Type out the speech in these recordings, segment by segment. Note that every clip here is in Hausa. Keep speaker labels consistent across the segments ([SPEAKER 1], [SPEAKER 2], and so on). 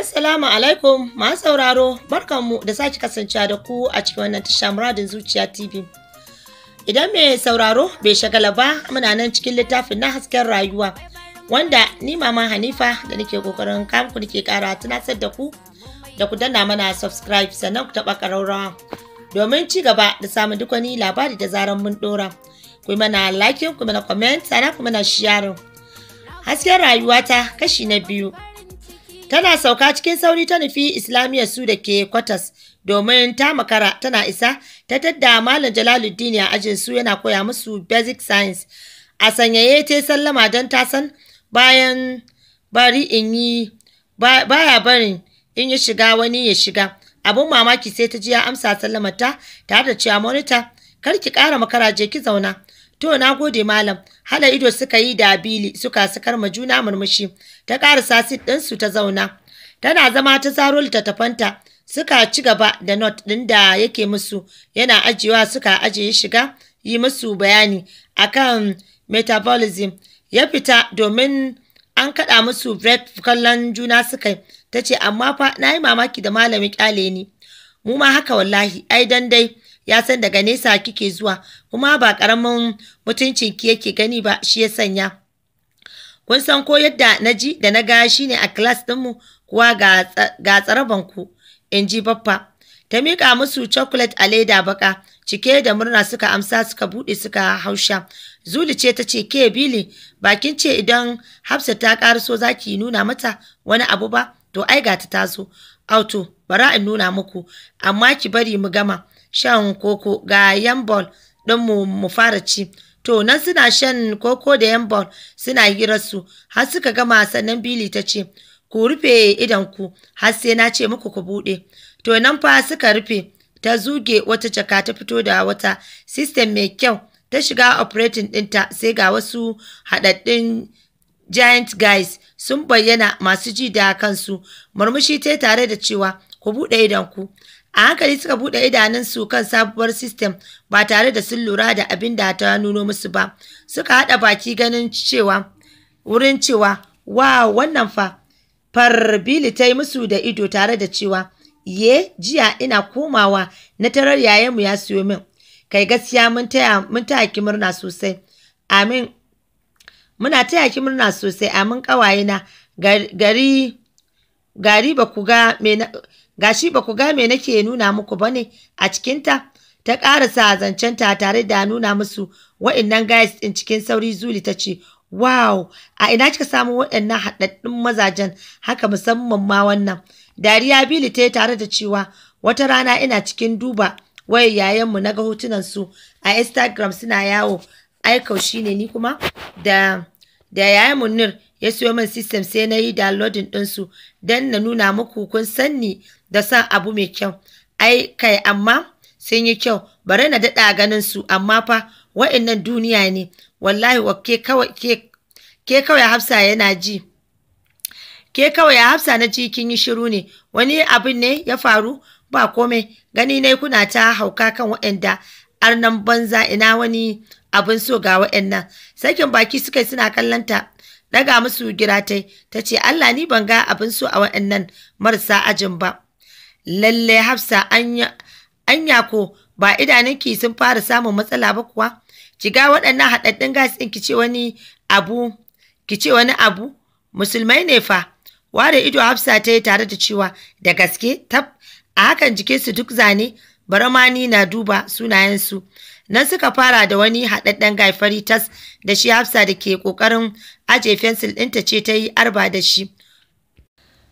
[SPEAKER 1] Assalamu alaikum masu sauraro barkanmu da sake kasancewa da ku a cikin wannan tasha muradin zuciya TV. Idan mai sauraro bai shagala ba muna nan cikin littafin na hasken rayuwa wanda ni mama Hanifa da nake kokarin kamku nake kara tunasar da ku da ku danna mana subscribe sannan ku taba karaurawa domin ci gaba da samun duk wani labari da zaran mun dora. Ku mana like, ku mana comment, sannan ku mana sharing. Hasken rayuwa ta kashi na biyu. Tana sauka cikin sauri ta nufi Islamiyyar su da ke kwatas domin ta makara tana isa ta tadda Malam Jalaluddin a ajin su yana koya musu basic science. A sanyaye ta sallama don ta san bayan bari in yi baya barin in ya shiga wani ya shiga. Abun mamaki sai ta ji ya amsa sallamar ta tare da cewa monita kar ki ƙara makara je ki zauna. To na gode malam. Hala ido suka yi da bili suka sakar ma juna murmushi. Ta ƙarasa sit ɗinsu ta zauna. Tana zama ta zaro littattafanta suka ci gaba da not ɗin da yake musu yana ajiyewa suka ajiye shiga yi musu bayani akan metabolism ya fita domin an kaɗa musu bread kallon juna suka ta ce amma fa na yi mamaki da malami ƙyale ni mu ma haka wallahi ai dan dai ya san daga nesa kike zuwa kuma ba karamin mutuncin ki yake gani ba shi ya sanya kun san ko yadda na ji da na ga shi ne a class mu kuwa ga tsaraban ku in ji baffa ta miƙa musu chocolate a leda baka cike da murna suka amsa suka buɗe suka hausha zuli ce ta ce ke bili bakin ce idan hafsa ta ƙaraso zaki ki nuna mata wani abu ba to ai ga ta tazo auto bara in nuna muku amma ki bari mu gama shan koko ga yambol ɗinmu mu fara ci to nan suna shan koko da yambol suna girarsu har suka gama sannan bili ta ce ku rufe idanku har sai na ce muku ku bude to nan fa suka rufe ta zuge wata jaka ta fito da wata system mai kyau ta shiga operating dinta sai ga wasu haɗaɗɗin giant guys sun bayyana masu ji da kansu murmushi ta tare da cewa ku buɗe idanku a hankali suka buɗe idanunsu kan sabuwar sistem ba tare da sun lura da abin da ta nuno musu ba suka haɗa baki ganin cewa wurin cewa wa wannan fa farbili ta yi musu da ido tare da cewa ye jiya ina komawa na tarar yayanmu ya siyo min kai gaskiya mun taya mun taya ki murna sosai amin muna taya ki murna sosai amin kawaye na gari gari ba ku ga me gashi ba ku ga me nake nuna muku bane a cikin ta ta zancen ta tare da nuna musu waɗannan guys ɗin cikin sauri zuli ta wow a ina kika samu waɗannan haɗaɗɗun mazajen haka musamman ma wannan dariya bili ta tare da cewa wata rana ina cikin duba wayar yayanmu na ga hotunan su a instagram suna yawo aikau shine ni kuma da da yayin munir ya siyo min system sai na yi downloading su dan na nuna muku kun sanni da san abu mai kyau ai kai amma sun yi kyau bare na daɗa ganin su amma fa wa'annan duniya ne wallahi wa ke kawai ke ke kawai hafsa yana ji ke kawai hafsa na ji kin yi shiru ne wani abin ne ya faru ba komai gani ne kuna ta hauka kan wa'anda arnan banza ina wani abin so ga wa'annan sakin baki suka suna kallon daga musu giratai ta ce Allah ni ban ga abin so a wa'annan marasa ajin ba lalle hafsa anya ko ba idanunki sun fara samun matsala ba kuwa Jiga wadannan waɗannan haɗaɗɗun gas ɗin ki ce wani abu ki ce wani abu musulmai ne fa ware ido hafsa ta yi tare da cewa da gaske tab a hakan su duk zane baramani na duba sunayensu Nan suka fara da wani haɗaɗɗen gaifari tas da shi Hafsa da ke ƙoƙarin aje fensil ɗinta ce ta yi arba da shi.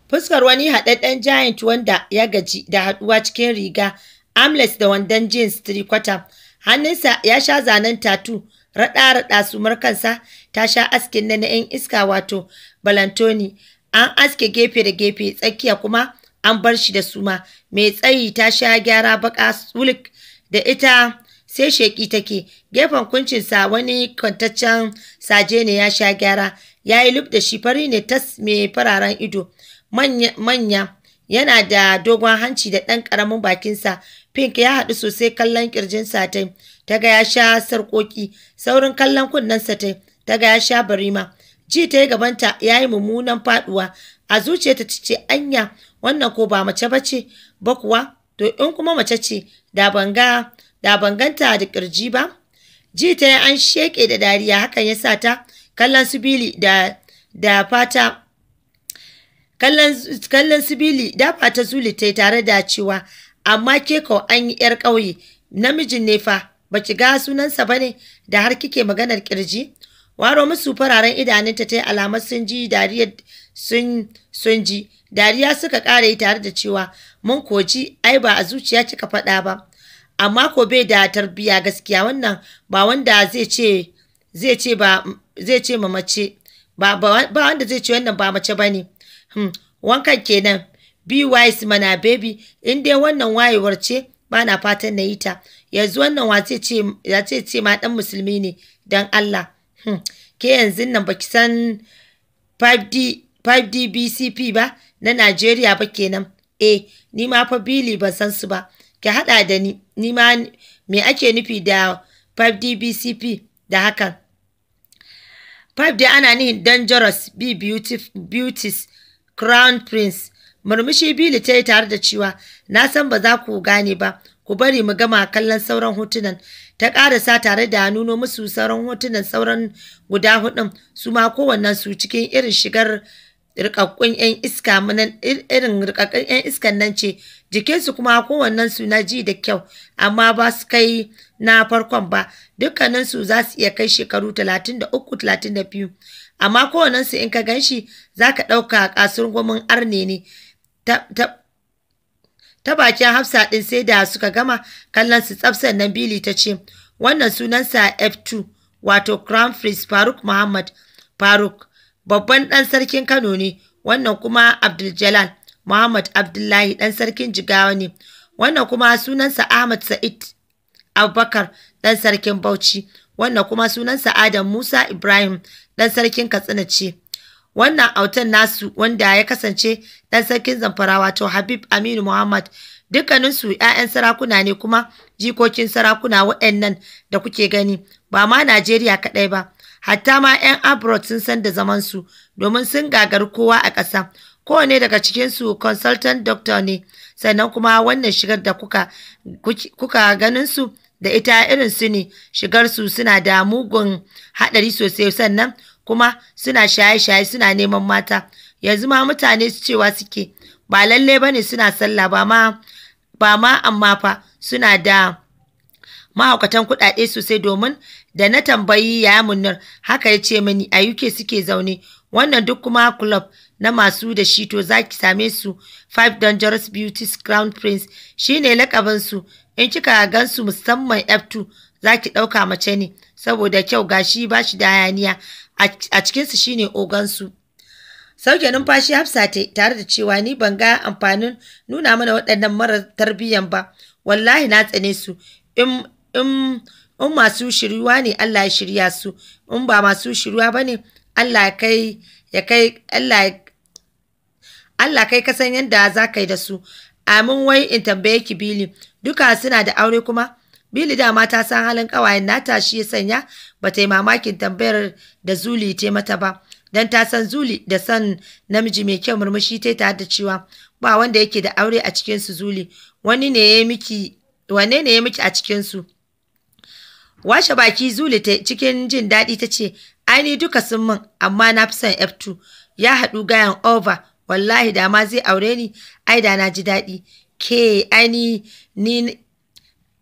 [SPEAKER 1] Fuskar wani haɗaɗɗen giant wanda ya gaji da haɗuwa cikin riga, amles da wandon jeans trikwata. Hannunsa ya sha zanen tatu, raɗa-raɗa sumar kansa ta sha askin na na 'yan iska wato balantoni. An aske gefe da gefe tsakiya kuma an bar shi da suma mai tsayi ta sha gyara baka sulik da ita sai sheƙi take gefen kuncinsa wani kwantaccen saje ne ya sha gyara ya yi lub da shi fari ne tas mai fararen ido manya yana da dogon hanci da ɗan ƙaramin bakinsa pink ya haɗu sosai kallon ƙirjinsa satai ta ga ya sha sarƙoƙi saurin kallon kunnen satai ta ga ya sha barima ji ta yi gabanta ya yi mummunan faɗuwa a zuciyarta ta ce anya wannan ko ba mace ba ce ba kuwa to in kuma mace ce da ban ga da ban ganta da kirji ba ji ta an sheke da dariya hakan ya sa ta kallon su bili da da fata kallon su bili da fata zuli ta tare da cewa amma ke ko an yi yar ƙauye namijin ne fa ba ki ga sunansa ba ne da har kike maganar kirji waro musu fararen idanunta ta yi alamar sun ji dariya sun sun ji dariya suka ƙara yi tare da cewa mun koji ai ba a zuciya kika faɗa ba amma ko bai da tarbiya gaskiya wannan ba wanda zai ce zai ce ba zai ce ma mace ba ba wanda zai ce wannan ba mace bane hmm. wankan kenan be wise mana baby in dai wannan wayewar ce ba na fatan na yi ta yanzu wannan wa zai ce ya ce ce ma dan musulmi ne dan Allah hmm. ke yanzu nan baki san 5D 5DBCP ba na Najeriya ba kenan eh ni ma fa bili ban san su ba ki haɗa da ni ni ma me ake nufi da 5dbcp da hakan 5 dai ana nihin dangerous be beauties crown prince murmushi bili ta yi tare da cewa na san ba za ku gane ba ku bari mu gama kallon sauran hotunan ta ƙarasa tare da nuno musu sauran hotunan sauran guda hudun su ma kowannen su cikin irin shigar rikakkun 'yan iska irin rikakkun 'yan iskan nan ce jikinsu kuma kowannen su na ji da kyau amma ba su kai na farkon ba dukkanin su za su iya kai shekaru 33-32 amma kowannen su in ka ganshi shi za ka ɗauka arne ne ta bakin hafsa ɗin sai da suka gama kallon su tsafsan nan bili ta ce wannan sunansa f2 wato crown prince faruk muhammad faruk babban ɗan sarkin Kano ne wannan kuma Abdul Jalal Muhammad Abdullahi ɗan sarkin Jigawa ne wannan kuma sunansa Ahmad Sa'id Abubakar ɗan sarkin Bauchi wannan kuma sunansa Adam Musa Ibrahim ɗan sarkin Katsina ce wannan autan nasu wanda ya kasance ɗan sarkin Zamfara wato Habib Aminu Muhammad dukkaninsu 'ya'yan sarakuna ne kuma jikokin sarakuna waɗannan da kuke gani ba ma Najeriya kaɗai ba hatta ma 'yan abroad sun san da zamansu domin sun gagar kowa a ƙasa kowane daga cikinsu consultant doctor ne sannan kuma wannan shigar da kuka, kuka ganinsu da ita irin su ne shigarsu suna da mugun haɗari sosai sannan kuma suna shaye-shaye suna neman mata yanzu ma mutane su cewa suke ba lalle ba ne suna sallah ba ma amma fa suna da mahaukatan kuɗaɗe sosai domin da na tambayi ya munnar haka ya ce mani a UK suke zaune wannan duk kuma club na masu da shi to za ki same su five dangerous beauties crown prince shi ne su in kika gansu musamman F2 za ki ɗauka mace ne saboda kyau gashi ba shi da hayaniya a cikinsu shi ne ogansu. sauke numfashi hafsa ta tare da cewa ni ban ga amfanin nuna mana waɗannan mara tarbiyyan ba wallahi na tsane su in masu shiryuwa ne Allah ya shirya su in ba masu shiryuwa ba ne Allah kai ya ka san yadda za ka yi da su amin wai in tambaye ki bili duka suna da aure kuma bili dama ta san halin kawayen nata shi ya sanya ba ta yi mamakin tambayar da zuli ta mata ba don ta san zuli da san namiji mai kyau murmushi ta ta da cewa ba wanda yake da aure a cikin su zuli wani ne ya miki wanne ne ya miki a cikinsu? Washe baki Zuli ta cikin jin daɗi ta ce, "Ai duka sun min, amma na fi son F2, ya haɗu gayan over, wallahi da ma zai aure ni, ai da na ji daɗi, ke aini ni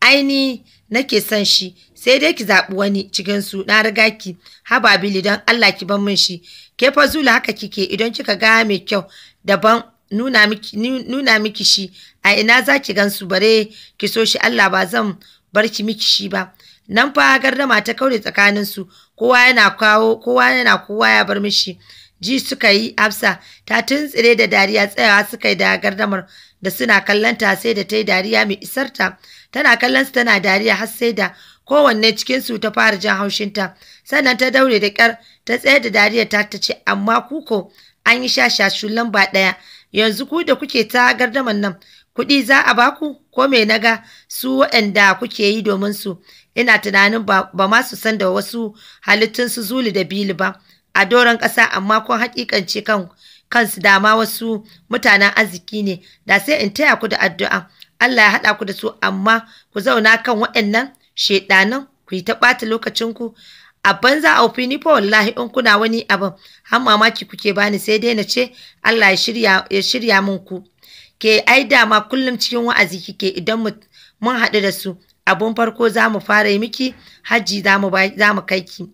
[SPEAKER 1] aini nake son shi, sai dai ki zaɓi wani cikin su na riga ki haba bili don Allah ki ban min shi, ke fa Zuli haka kike idan kika ga mai kyau daban nuna miki, shi, a ina za ki gan su bare ki so shi Allah ba zan bar ki miki shi ba. nan fa gardama ta kaure tsakaninsu kowa yana kawo kowa yana kowa ya bar mishi ji suka yi hafsa ta tuntsire da dariya tsayawa suka yi da gardamar da suna kallonta sai da ta yi dariya mai isarta tana kallonsu tana dariya har sai da kowanne cikinsu ta fara jan haushinta sannan ta daure da ƙyar ta tsaye da dariya ta ta ce amma kuko an yi shashashun lamba ɗaya yanzu ku da kuke ta gardamar nan kuɗi za a baku ko me naga su waɗanda kuke yi domin su ina tunanin ba ma su san da wasu halittun su zuli da bili ba a doron ƙasa amma kun haƙiƙance kan kansu dama wasu mutanen arziki ne da sai in taya ku da addu'a Allah ya haɗa ku da su amma ku zauna kan waɗannan shaidanan ku yi ta ɓata lokacinku a banza a ofini fa wallahi in kuna wani abin har mamaki kuke bani sai dai na ce Allah ya shirya ya shirya min ku ke ai dama kullum cikin wa'azi kike idan mun haɗu da su abun farko za mu fara yi miki hajji za mu kai ki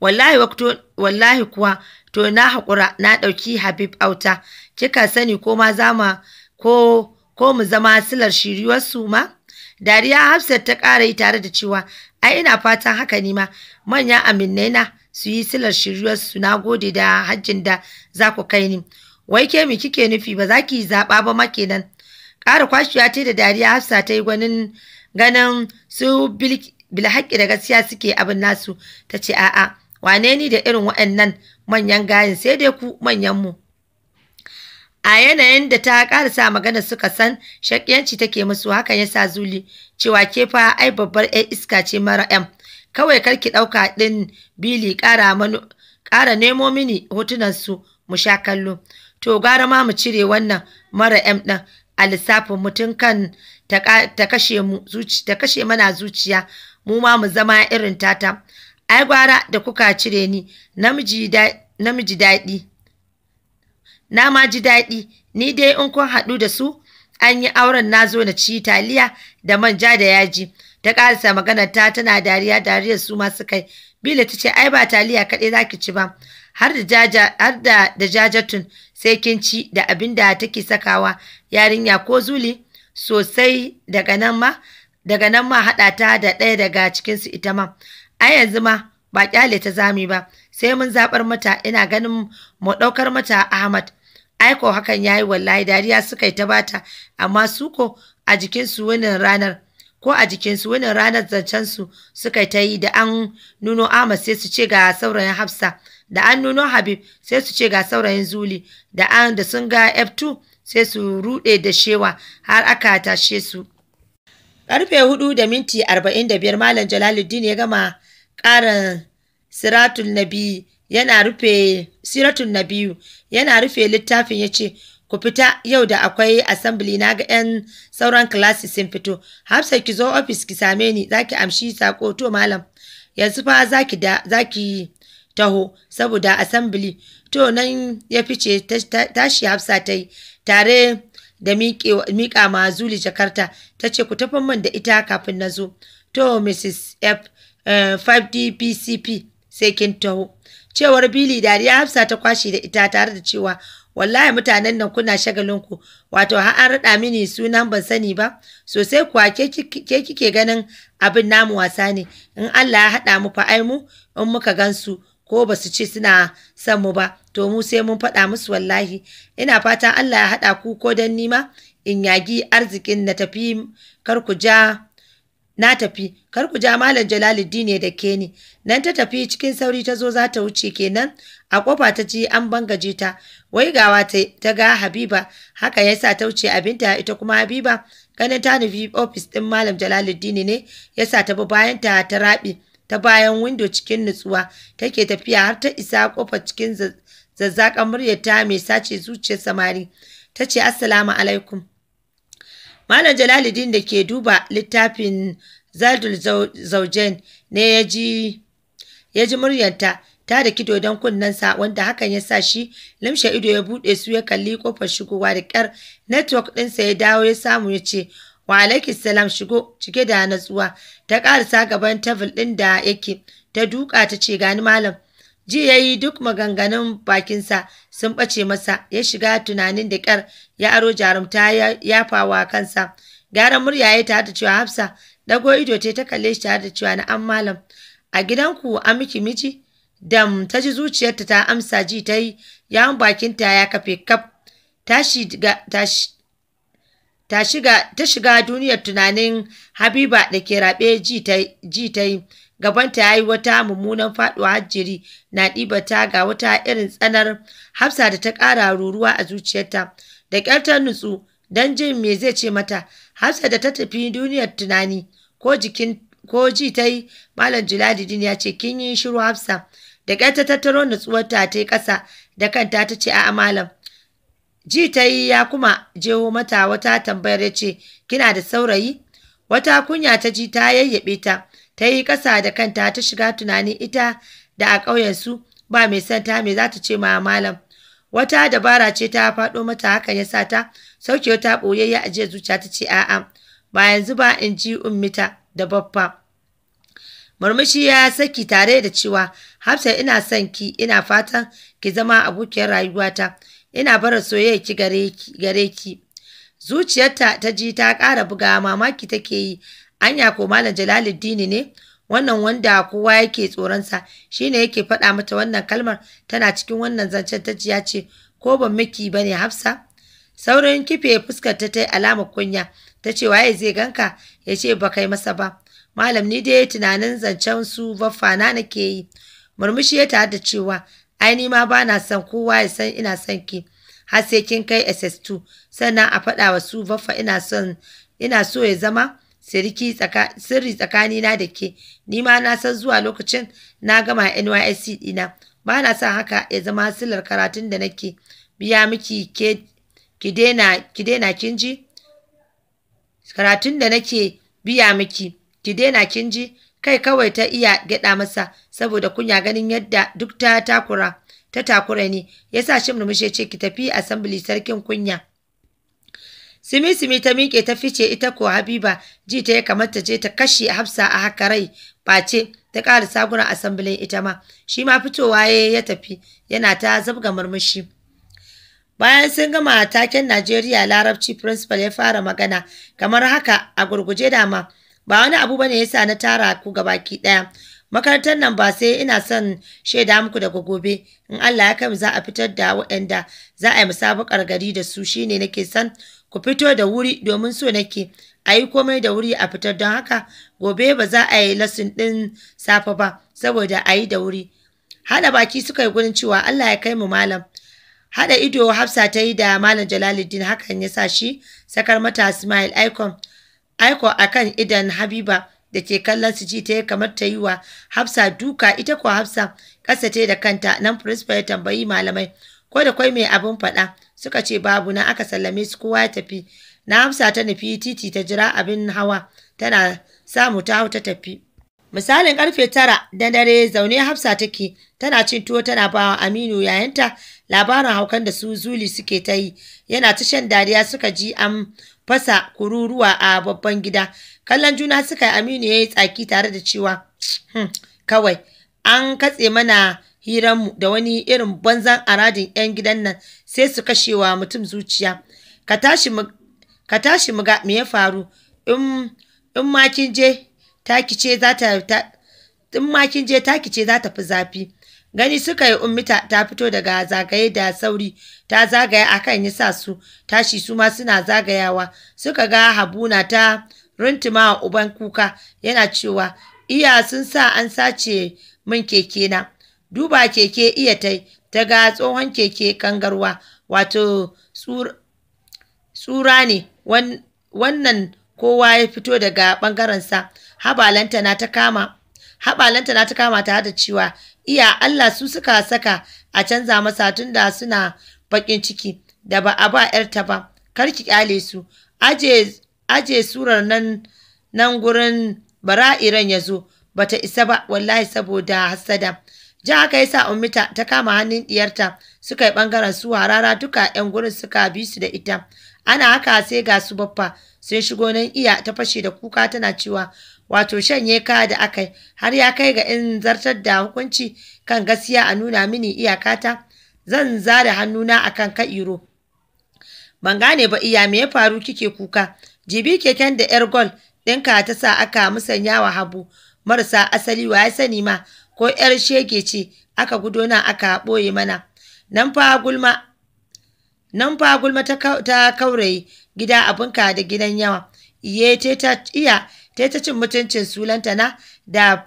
[SPEAKER 1] wallahi kuwa to na haƙura na ɗauki habib auta kika sani ko ma zama ko ko mu zama silar shiriyarsu ma dariya hafsat ta ƙara yi tare da cewa ai ina fatan haka ne ma manyan aminai na su yi silar shiriyarsu na gode da hajjin da za ku kai ni wai ke mi kike nufi ba za ki zaɓa ba makenan ƙara kwashiya ce da dariya hafsa ta yi gwanin ganin su bilhaƙi da gaskiya suke abin nasu ta ce a'a wane ni da irin waɗannan manyan gayin sai dai ku manyan mu a yanayin da ta karasa magana suka san shakiyanci take musu hakan yasa zuli cewa ke fa ai babbar 'yar iska ce mara yan kawai ki ɗauka ɗin bili ƙara nemo mini hotunan su mu sha kallo to gara ma mu cire wannan mara yan ɗin a lissafin mutum kan ta kashe mana zuciya mu ma mu zama irin tata ai gwara da kuka cire ni namiji daɗi na ma ji daɗi ni dai in kun haɗu da su an yi auren na zo na ci taliya da manja da yaji ta ƙarasa maganar ta tana dariya dariyar su ma suka bila ta ce ai ba taliya kaɗai za ki ci ba har da da jajatun sai kin ci da abin da take sakawa yarinya ko zuli sosai daga nan ma daga haɗa ta da ɗaya daga cikinsu ita ma a yanzu ma ba kyale ta zami ba sai mun zaɓar mata ina ganin mu ɗaukar mata ahmad aiko hakan ya yi wallahi dariya suka yi ta bata amma su ko a jikinsu wani ranar ko a jikinsu wani ranar zancensu suka ta yi da an nuno ahmad sai su ce ga saurayin hafsa da an nuno habib sai su ce ga saurayin zuli da an da sun ga f2 sai su rude da shewa har aka tashe su Ƙarfe hudu da minti arba'in da biyar malam jalaluddin ya gama ƙarin Siratun nabi yana rufe siratul nabiyu yana rufe littafin ya ce ku fita yau da akwai Asambili na ga 'yan sauran classes sun fito hafsa ki zo ofis ki same ni zaki amshi sako to malam yanzu fa zaki da zaki taho saboda Asambili? to nan ya fice tashi hafsa ta yi tare da miƙa ma Zuli Jakarta ta ce ku tafi man da ita kafin na zo. To Mrs. F. Uh, eh, 5DPCP sai kin taho. Cewar Billy dariya Hafsa ta kwashe da ita tare da cewa wallahi mutanen nan kuna shagalinku wato har an raɗa mini sunan ban sani ba sosai kuwa ke kike ganin abin namu wasa ne in Allah ya haɗa mu fa'ai mu in muka gansu ko ba su ce suna son mu ba to mu sai mun faɗa musu wallahi ina fatan Allah ya haɗa ku ko don nima in yagi arzikin na tafi kar ku ja na tafi kar malam jalaluddin ne da ke ni nan ta tafi cikin sauri ta zo za ta wuce kenan a kofa ta ji an bangaje ta wai gawa ta ga habiba haka ya sa ta wuce abinta ita kuma habiba ganin ta nufi ofis ɗin malam jalaluddin ne ya sa ta bi bayan ta ta raɓi ta bayan windo cikin nutsuwa take tafiya har ta isa kofar cikin zazzakan muryarta mai sace zuciyar samari ta ce assalamu alaikum malam jalaluddin da ke duba littafin zardul zaujen ne ya ji ya muryarta ta da kido don kunnensa wanda hakan ya sa shi limshe ido ya buɗe su ya kalli kofar shigowa da ƙyar network ɗinsa ya dawo ya samu ya ce wa salam shigo cike da natsuwa ta karsa gaban tabul ɗin da yake ta duka ta ce gani malam ji yayi duk maganganun bakinsa sun bace masa ya shiga tunanin da ƙyar ya aro jarumta ya yafawa kansa gyaran murya ya ta da cewa hafsa dago ido ta kalle shi ta da cewa na an malam a gidanku an miki miji dam ta ji zuciyarta ta amsa ji ta yi bakinta ya kafe kaf tashi ta shiga duniyar tunanin Habiba da ke raɓe ji ta yi, gabanta ya yi wata mummunan faɗuwa hajjiri na ɗibata ga wata irin tsanar hafsa da ta ƙara ruruwa a zuciyarta da ƙyartar nutsu don jin me zai ce mata hafsa da ta tafi duniyar tunani ko jikin ko ji ta yi malam jiladidin ya ce kin yi shiru hafsa da ƙyar tattaro nutsuwarta ta yi ƙasa da kanta ta ce a'a malam ji ta yi ya kuma jeho mata wata tambayar ya ce kina da saurayi wata kunya ta ji ta yayyabe ta ta yi ƙasa da kanta ta shiga tunanin ita da a ƙauyensu ba mai santa mai za ta ce ma malam wata dabara ce ta faɗo mata hakan ya sa ta sauke wata ɓoye ya ajiye zuciya ta ce a'a ba yanzu ba in ji ummita da baffa murmushi ya saki tare da cewa hafsa ina son ki ina fatan ki zama abokiyar rayuwata ina bara ki gare ki zuciyarta ta ji ta ƙara buga mamaki take yi anya ko malam jalaluddini ne wannan wanda kowa yake tsoronsa shine yake faɗa mata wannan kalmar tana cikin wannan zancen ta ji ya ce ko ban miki bane hafsa saurin kife fuskar ta yi alamar kunya ta ce waye zai ganka ya ce ba kai masa ba malam ni dai tunanin zancen su baffana nake yi murmushi ya ta da cewa ai ni ma ba na son kowa ya san ina son ki har sai kin kai ss2 sannan a faɗa wa su baffa ina son ina so ya zama sirri tsakanina da ke ni ma na san zuwa lokacin na gama nysc dina ba na son haka ya zama silar karatun da nake biya miki ke ki daina kin ji karatun da nake biya miki ki daina kin ji kai kawai ta iya gyaɗa masa saboda kunya ganin yadda duk ta takura ta takura ne yasa shi murmushi ce ki tafi assembly sarkin kunya simi simi ta miƙe ta fice ita ko habiba ji ta ya kamata je ta kashe hafsa a haka rai face ta ƙara sagunan asambilin ita ma shi ma fitowa ya ya tafi yana ta zabga murmushi bayan sun gama taken najeriya larabci principal ya fara magana kamar haka a gurguje dama ba wani abu bane yasa na tara ku gabaki daya makarantar nan ba sai ina son shaida muku daga gobe in Allah ya kai za a fitar da waɗanda za a yi musabakar gari da su shine nake son ku fito da wuri domin so nake a yi komai da wuri a fitar don haka gobe ba za a yi lasin ɗin safe ba saboda a yi da wuri Hada baki suka yi gurin cewa Allah ya kai mu malam Hada ido hafsa ta yi da malam jalaluddin hakan ya sa shi sakar mata smile icon aiko a kan idan habiba da ke kallon su ji ta kamar ta yi wa hafsa duka ita ko hafsa ƙasa ta da kanta nan principal ya tambayi malamai ko da kwai mai abin faɗa suka ce babu na aka sallame su kowa ya tafi na hafsa ta nufi titi ta jira abin hawa tana samu ta hau ta tafi Misalin karfe tara da dare zaune Hafsa take tana cin tuwo tana bawa Aminu yayanta labarin haukan da su zuli suke ta yi yana ta shan dariya suka ji an fasa kururuwa a babban gida kallon juna suka yi Aminu ya yi tsaki tare da cewa hmm, kawai an katse mana hiranmu da wani irin banzan aradin 'yan gidan nan sai su kashewa mutum zuciya ka tashi mu me ya faru in ma kin je taki ce za ta je taki za ta fi zafi gani suka yi ummita ta fito daga zagaye da sauri ta zagaya a akan sa su tashi su ma suna zagayawa suka ga habuna ta runtuma uban kuka yana cewa iya sun sa an sace min keke na duba keke iya ta ta ga tsohon keke kangarwa wato tsura ne wannan kowa ya fito daga ɓangarensa habalanta na ta kama habalanta na ta kama ta da cewa iya Allah su suka saka a canza masa tunda suna bakin ciki da ba a ba yarta ba kar ki kyale su aje aje surar nan nan gurin bara'iran ya zo bata isa ba wallahi saboda hasada ja haka yasa ummita ta kama hannun diyarta suka yi bangaren su harara duka yan gurin suka bi su da ita ana haka sai ga su baffa sun shigo nan iya ta fashe da kuka tana cewa wato shanye ka da aka yi har ya kai ga in zartar da hukunci kan gaskiya a nuna mini iyakata zan zare hannuna akan ka'iro ban gane ba iya me ya faru kike kuka jibi keken da yar gol ɗinka ta sa aka musanya wa habu marasa asali wa ya sani ma ko yar shege ce aka gudona aka ɓoye mana nan fa gulma nan fa gulma ta kauraye gida abinka da gidan yawa iye ta iya ta ta cin mutuncin sulanta na da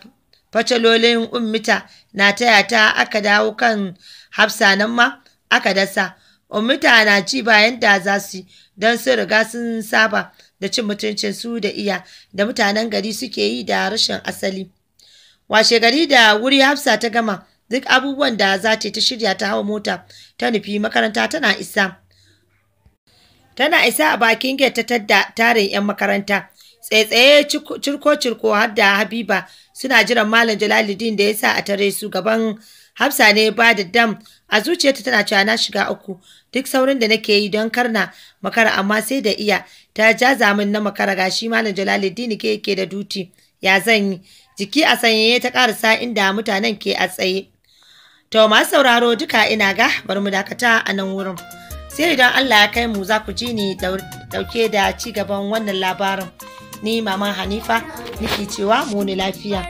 [SPEAKER 1] facalolin ummita na taya ta aka dawo kan hafsa nan ma aka dasa ummita na ci bayan da za su don sun riga sun saba da cin mutuncin su da iya da mutanen gari suke yi da rashin asali washe gari da wuri hafsa ta gama duk abubuwan da za ta ta shirya ta hawa mota ta nufi makaranta tana isa tana isa a bakin gate ta tarin 'yan makaranta tsaitsaye cirko-cirko har da habiba suna jiran malam jalaluddin da ya sa a tare su gaban hafsa ne ba da dam a zuciyarta tana cewa na shiga uku duk saurin da nake yi don karna makara amma sai da iya ta ja zamin na makara gashi malam jalaluddin ke yake da duti ya zan yi jiki a sanyaye ta karasa inda mutanen ke a tsaye to masu sauraro duka ina ga bari mu dakata a nan wurin sai idan allah ya kai mu za ku ji ni dauke da ci gaban wannan labarin ni mama hanifa niki cewa mu ne lafiya